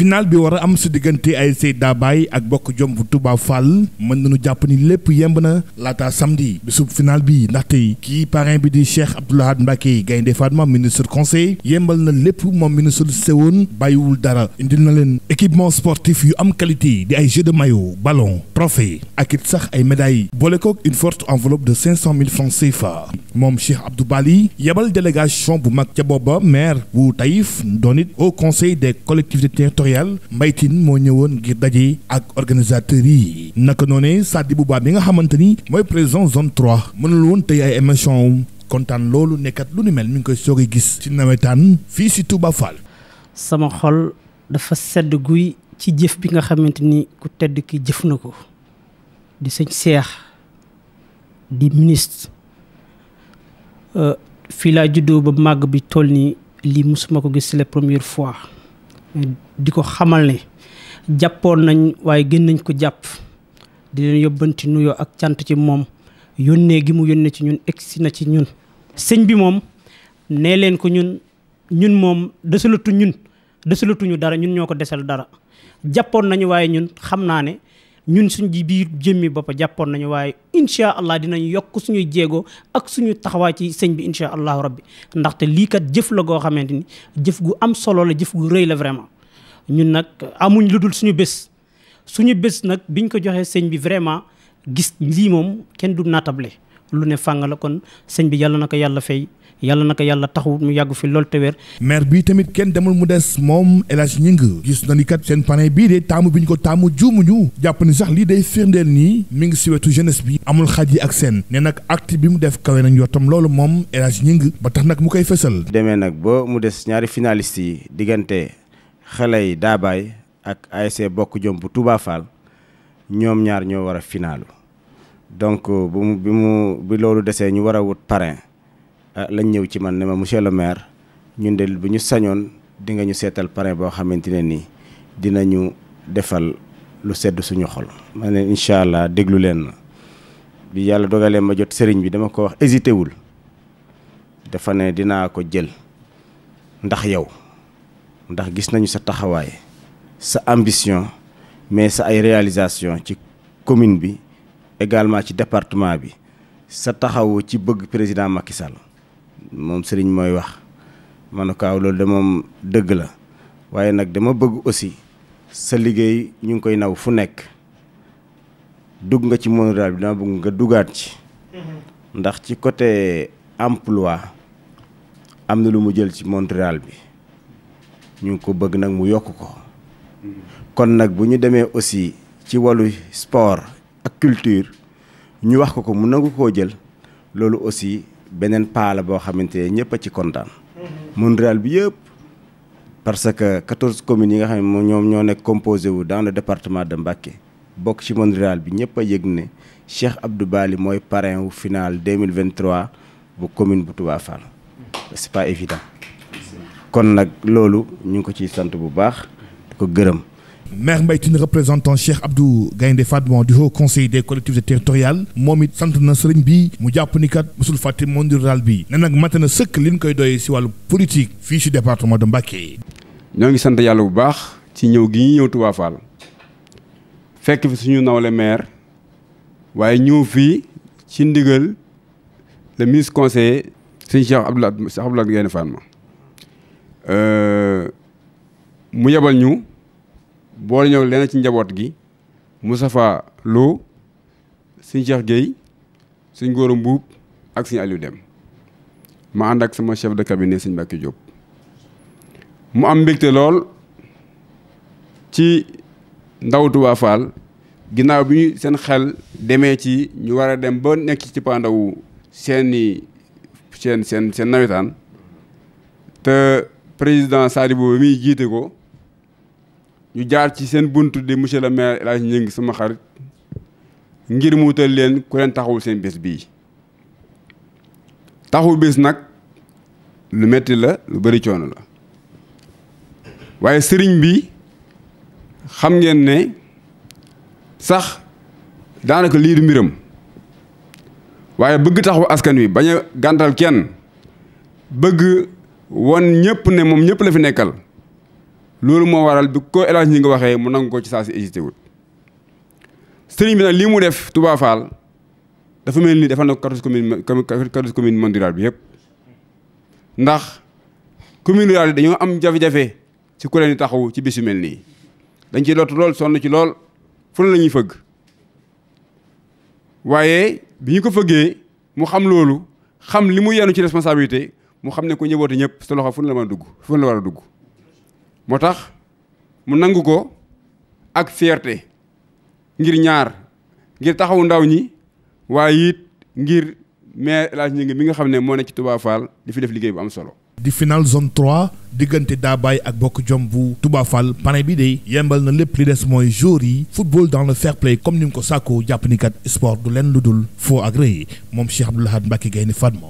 final bi war a am si diggante ay Seyda Baye ak bokk jom bu Touba Fall na nañu jàpp ni lépp yemb na laata samedi bisub final bi ndaxte kii parrain bi di Cheikh Abdoulahad Mbacké Gaynde Fatma ministre conseil yembal na lépp moom ministre du sewoon bàyyiwul dara indil na leen équipement sportif yu am qualité di ay jeu de maillot ballon trophée ak it sax ay médailles boole ko une forte enveloppe de cinq cent mille francs CFA moom Cheikh Abdou Bali yebal délégation bu mag ca booba maire bu Montréal Mbaye moo ñëwoon ngir daje ak organisateur yi naka noonee Sadibou Ba bi nga xamante ni mooy président zone 3 mënul woon tey ay émission kontaan loolu nekkat lu ni mel mi ngi koy soog a gis ci nawetaan fii si Touba Fall. sama xol dafa sedd guy ci jëf bi nga xamante ni ku tedd ki jëf na ko di sëñ Seex di ministre. Euh, fii laa juddoo ba màgg bi toll nii lii musuma ko gis c'est la première fois di ko xamal ne jàppoon nañ waaye gën nañ ko jàpp di leen yóbbanti nuyoo ak cant ci moom yónnee gi mu yónnee ci ñun egsi na ci ñun sëñ bi moom nee leen ko ñun ñun moom desalatu ñun desalatuñu dara ñun ñoo ko desal dara jàppoon nañu waaye ñun xam naa ne ñun suñ ji biir jëmmi bopp jàppoon nañu waaye incha allah dinañ yokk suñuy jéego ak suñu taxawaay ci sëñ bi incha allahu rabbi ndaxte lii kat jëf la goo xamante ni jëf gu am solo la jëf gu rëy la vraiment ñun nag amuñ lu dul suñu bés suñu bés nag biñ ko joxee sëñ bi vraiment gis lii moom kenn du natable lu ne fàng la kon sëñ bi yàlla na ko yàlla fay yàlla na ko yàlla taxu mu yàggu fi loolu te maire bi tamit kenn demul mu des moom El Hadj Gningue gis na ni kat seen parrain bii de taamu bi ñu ko taamu juumuñu jàpp ni sax lii day firndeel nii mi ngi si wetu jeunesse bi amul xaj yi ak seen ne nag act bi mu def kawe nañ yottam loolu moom El Hadj Gningue ba tax nag mu koy fësal demee nag boo mu des ñaari finaliste yi diggante xelay daabaay ak ASC bokk jom bu ñoom ñaar ñoo war a finaalu donc euh, bu bi mu bi loolu desee ñu war a wut parrain ah, lañ ñëw ci man ne ma monsieur le maire ñun de bu ñu sañoon di nga ñu seetal parrain boo xamante ne nii ñu defal lu sedd suñu xol. ma ne incha allah déglu leen ma bi yàlla dogalee ma jot sëriñ bi dama ko wax hésité wul dafa ne dinaa ko jël ndax yow ndax gis nañu sa taxawaay sa ambition mais sa ay réalisation ci commune bi. également ci département bi sa taxaw ci bëgg président Macky Sall moom sëriñ mooy wax ma ne loolu de moom dëgg la waaye nag dama bëgg aussi sa liggéey ñu ngi koy naw fu nekk dugg nga ci monde rural bi dama bëgg nga dugaat ci mm-hmm. ndax ci côté emploi am na lu mu jël ci monde bi ñu ngi ko bëgg nag mu yokk ko mm-hmm. kon nag bu ñu demee aussi ci wàllu sport ak culture ñu wax ko ko mu nangu koo jël loolu aussi beneen paala boo xamante ne ñëpp a ci kontaan. Mm-hmm. monde rural bi yëpp parce que quatorze communes yi nga xam ne moom ñoom ñoo nekk composé wu dans le département de Mbacké bokk ci monde rural bi ñëpp a yëg ne Cheikh Abdou Bali mooy parrain wu final 2023 bu commune bu Touba Fall mm-hmm. c'est pas évident kon nag loolu ñu ngi ko ciy sant bu baax ko gërëm. maire Mbaye Tine représentant Cheikh Abdou Gaynde Fatma du Haut Conseil des collectivités territoriales moom it sant na sëriñ bi mu jàpp ni kat mosul fàtte monde rural bi ne nag mat na sëkk liñ koy doyee si wàllu politique fii si département de Mbacké. ñoo ngi sant yàlla bu baax ci ñëw gi ñu ñëw Touba Fall fekk fi suñu nawle maire waaye ñëw fii ci ndigal le ministre conseiller sëñ Cheikh Abdou Cheikh Abdou Gaynde Fatma euh, mu yebal ñu. boole ñoo leen ci njaboot gi Moustapha Lo siñ Cheikh Gueye suñ Gora Mbuub ak suñ Aliou Dem ma ànd ak sama chef de cabinet siñ Mbacke Diop mu am mbégte lool ci ndaw Touba Fall ginnaaw bi ñu seen xel demee ci ñu war a dem ba nekk ci pandawu seeni seen seen seen nawetaan te président Sadibou bi muy jiite ko ñu jaar ci seen bunt di monsieur le maire El Hadj sama xarit ngir mu wutal leen ku leen taxawul seen bés bii taxawu bés nag lu metti la lu bari coono la waaye sëriñ bi xam ngeen ne sax daanaka lii du mbiram waaye bëgg taxawu askan wi bañ a gàntal kenn bëgg won ñëpp ne moom ñëpp la fi nekkal. loolu moo waral bi ko El Hadji nga waxee mu nangu ko ci saa si hésité wul sëriñ bi nag lii mu def Touba Fall dafa mel nii defal na quatorze commune quatorze commune monde rural bi yëpp ndax commune rurale dañoo am jafe-jafe ci ku leen di taxaw ci bis yu mel nii dañ ci lot lool sonn ci lool fu ne la ñuy fëgg waaye bi ñu ko fëggee mu xam loolu xam li mu yenu ci responsabilité mu xam ne ko njaboote ñëpp sa loxo fu ne la mën dugg fu ne la war a dugg moo tax mu nangu ko ak fierté ngir ñaar ngir taxawu ndaw ñi waaye it ngir mais El Hadj Ngingue mi nga xam ne moo ne ci Touba di fi def liggéey bu am solo. di final zone 3 diggante daa bàyyi ak bokk jom bu Touba Fall pare bi de yembal na lépp li des mooy jour yi football dans le fair play comme ni mu ko sàkkoo jàpp ni kat sport du leen lu dul foo agréé moom Cheikh Abdoul Ahad Mbacké Gaïndé Fatma